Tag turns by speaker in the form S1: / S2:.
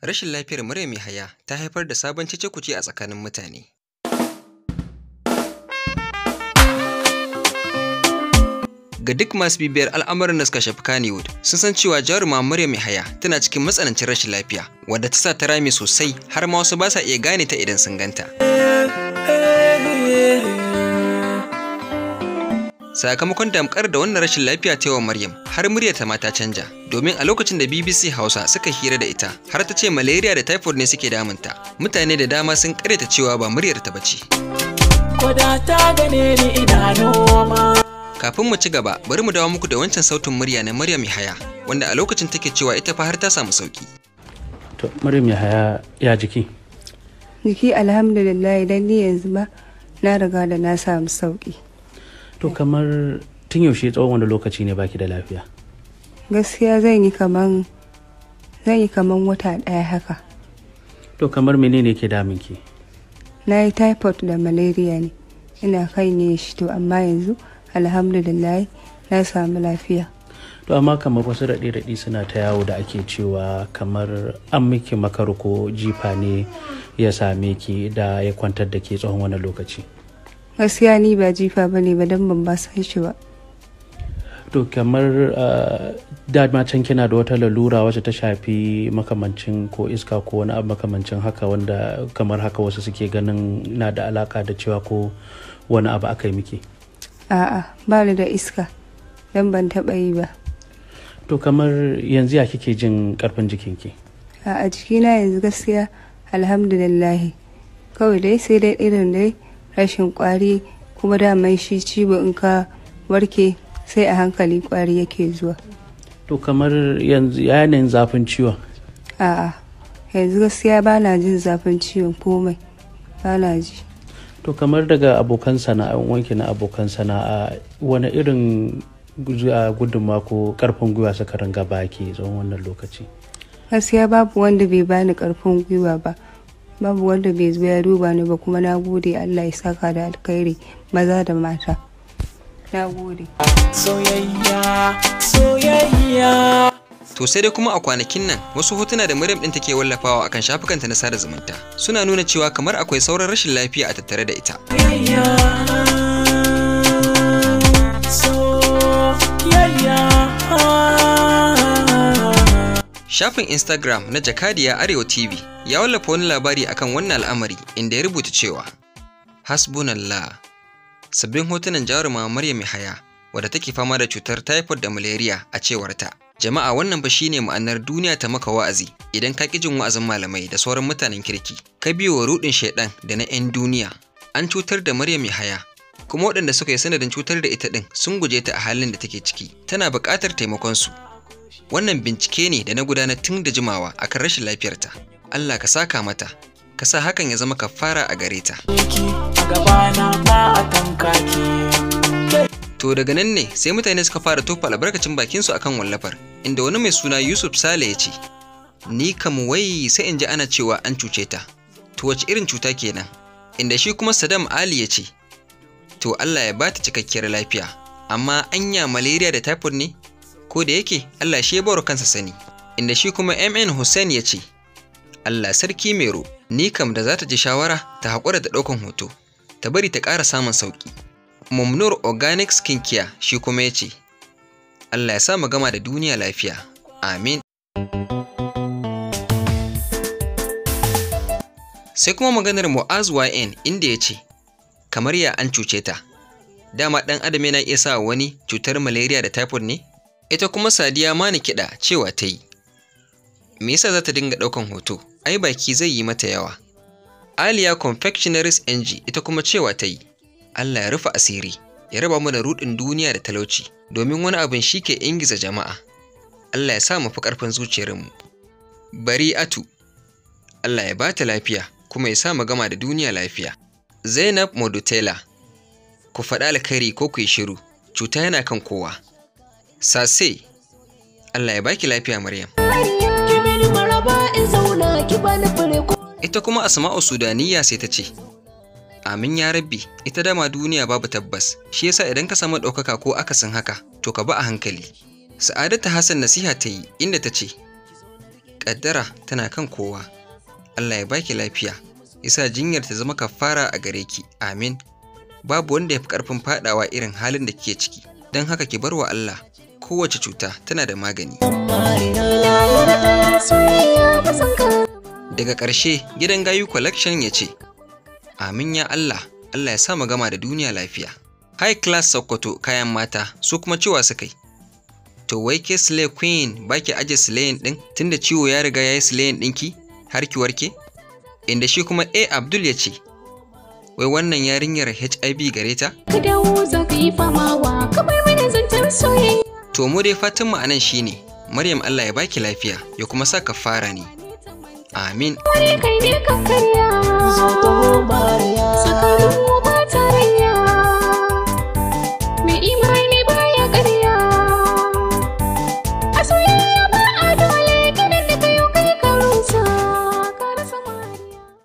S1: rashin lafiyar mai haya ta haifar da sabon cece-kuce a tsakanin mutane. Ga duk masu bibiyar al'amuran da suka shafi Kannywood sun san cewa jaruma mai haya tana cikin matsanancin rashin lafiya wadda ta sa ta rame sosai har ma wasu ba sa iya gane ta idan sun ganta. sakamakon damkar da wannan rashin lafiya ta yawan Maryam har muryarta ma ta canja domin a lokacin da BBC Hausa suka hira da ita har ta ce malaria da typhoid ne suke damunta mutane da dama sun karyata cewa ba muryarta bace kafin mu ci gaba bari mu dawo muku da wancan sautin murya na Maryam Yahaya wanda a lokacin take cewa ita fa har ta samu sauki
S2: to Maryam Yahaya ya jiki
S3: jiki alhamdulillah idan ni yanzu ba na riga da na samu sauki
S2: to kamar tun yaushe tsawon wani lokaci ne baki da lafiya
S3: gaskiya zan yi kaman zan yi kaman wata ɗaya haka
S2: to kamar menene ke ki
S3: na yi typhoid da malaria ne ina kai ne shi to amma yanzu alhamdulillah na samu lafiya
S2: to amma kamar wasu raɗe raɗi suna ta yawo da ake cewa kamar an miki makarko jifa ne ya same ki da ya kwantar da ke tsawon wani lokaci
S3: gaskiya ni ba jifa ba ne ba don ban ba san shi ba
S2: to kamar dama can kina da wata lalura wacce ta shafi makamancin ko iska ko wani abu makamancin haka wanda kamar haka wasu suke ganin na da alaka da cewa ko wani abu aka yi miki
S3: a'a ba ni da iska don ban taɓa yi ba
S2: to kamar yanzu ya kike jin karfin ki.
S3: a'a jikina yanzu gaskiya alhamdulillah kawai dai sai dai irin dai rashin kwari kuma daman shi ciwo in ka warke sai a hankali kwari yake zuwa
S2: to kamar yanzu yanayin zafin ciwon
S3: a'a yanzu gaskiya ba na jin zafin ciwon komai ba na ji
S2: to kamar daga abokan sana'a wanki na abokan sana'a wani irin gudunma ko karfin gwiwa suka ringa baki zuwa wannan lokaci
S3: gaskiya babu wanda bai bani karfin gwiwa ba babu wanda bai zo ya duba ni ba kuma na gode allah ya saka da alkhairi maza da mata
S1: na gode soyayya soyayya to sai dai kuma a kwanakin nan wasu hotuna da Maryam din take wallafawa akan shafukanta na sada zumunta suna nuna cewa kamar akwai sauran rashin lafiya a tattare da ita Shafin Instagram na Jakadiya Arewa TV ya wallafa wani labari akan wannan al'amari inda ya rubuta cewa Hasbunallah sabbin hotunan jaruma Maryam Yahaya wadda take fama da cutar typhoid da malaria a cewarta. Jama'a wannan ba shine ma'anar duniya ta maka wa'azi idan ka jin wa'azin malamai da sauran mutanen kirki. Ka biyo wa rudin shaidan da na 'yan duniya. An cutar da Maryam Yahaya kuma waɗanda suka yi sanadin cutar da ita ɗin sun guje ta a halin da take ciki. Tana buƙatar taimakon su. Wannan bincike ne da na gudanar tun da jimawa akan rashin lafiyarta. Allah ka saka mata, ka sa hakan ya zama kafara a gare ta. To daga nan ne sai mutane suka fara tofa albarkacin bakinsu akan wallafar, inda wani mai suna Yusuf Sale ya ce, Ni kam wai sai in ji ana cewa an cuce ta, to wace irin cuta kenan? Inda shi kuma Saddam Ali ya ce, To Allah ya bata cikakkiyar lafiya, amma anya malaria da typhoid ne? ko da yake Allah shi ya kansa sani inda shi kuma MN Hussein ya ce Allah sarki Mero ni kam da za ta ji shawara ta haƙura da ɗaukan hoto ta bari ta ƙara samun sauƙi Mumnur Organic Skin Care shi kuma ya ce Allah ya sa mu gama da duniya lafiya amin sai kuma maganar Mu'az YN inda ya ce kamar ya an cuce ta dama ɗan adam yana iya sa wani cutar malaria da typhoid ne ita kuma sadiya ma kiɗa cewa ta yi me yasa za ta dinga ɗaukan hoto ai baki zai yi mata yawa aliya confectionaries ng ita kuma cewa ta yi allah ya rufe asiri ya raba mu da rudin duniya da talauci domin wani abin shi ke ingiza jama'a allah ya sa mu fi ƙarfin zuciyarmu bari atu allah ya bata lafiya kuma ya sa mu gama da duniya lafiya zainab modutela ku faɗa alkhairi ko ku yi shiru cuta yana kan kowa sase Allah ya baki lafiya Maryam ita kuma Asma'u Sudaniya sai ta ce Amin ya rabbi ita dama duniya babu tabbas shi yasa idan ka samu ɗaukaka ko akasin haka to ka bi a hankali Sa'adatu Hassan nasiha ta yi inda ta ce ƙaddara tana kan kowa Allah ya baki lafiya isa jinyar ta zama kafara a gare ki amin babu wanda ya fi ƙarfin faɗawa irin halin da kike ciki don haka ki bar wa Allah kowace cuta tana da magani daga ƙarshe gidan gayu collection ya ce amin ya allah allah ya sa mu gama da duniya lafiya high class sokoto kayan mata su kuma cewa su kai to wai ke slay queen baki aje slayin din tunda ciwo ya riga ya yi slayin dinki har ki warke inda shi kuma a abdul ya ce wai wannan yarinyar hiv gare ta
S3: ka dawo ka yi famawa ka mana zantar soyayya
S1: To mu dai fatanmu mu anan shine, Maryam Allah ya baki lafiya ya kuma sa ka fara ni. Amin.
S2: Kai ne ka karya, ba tare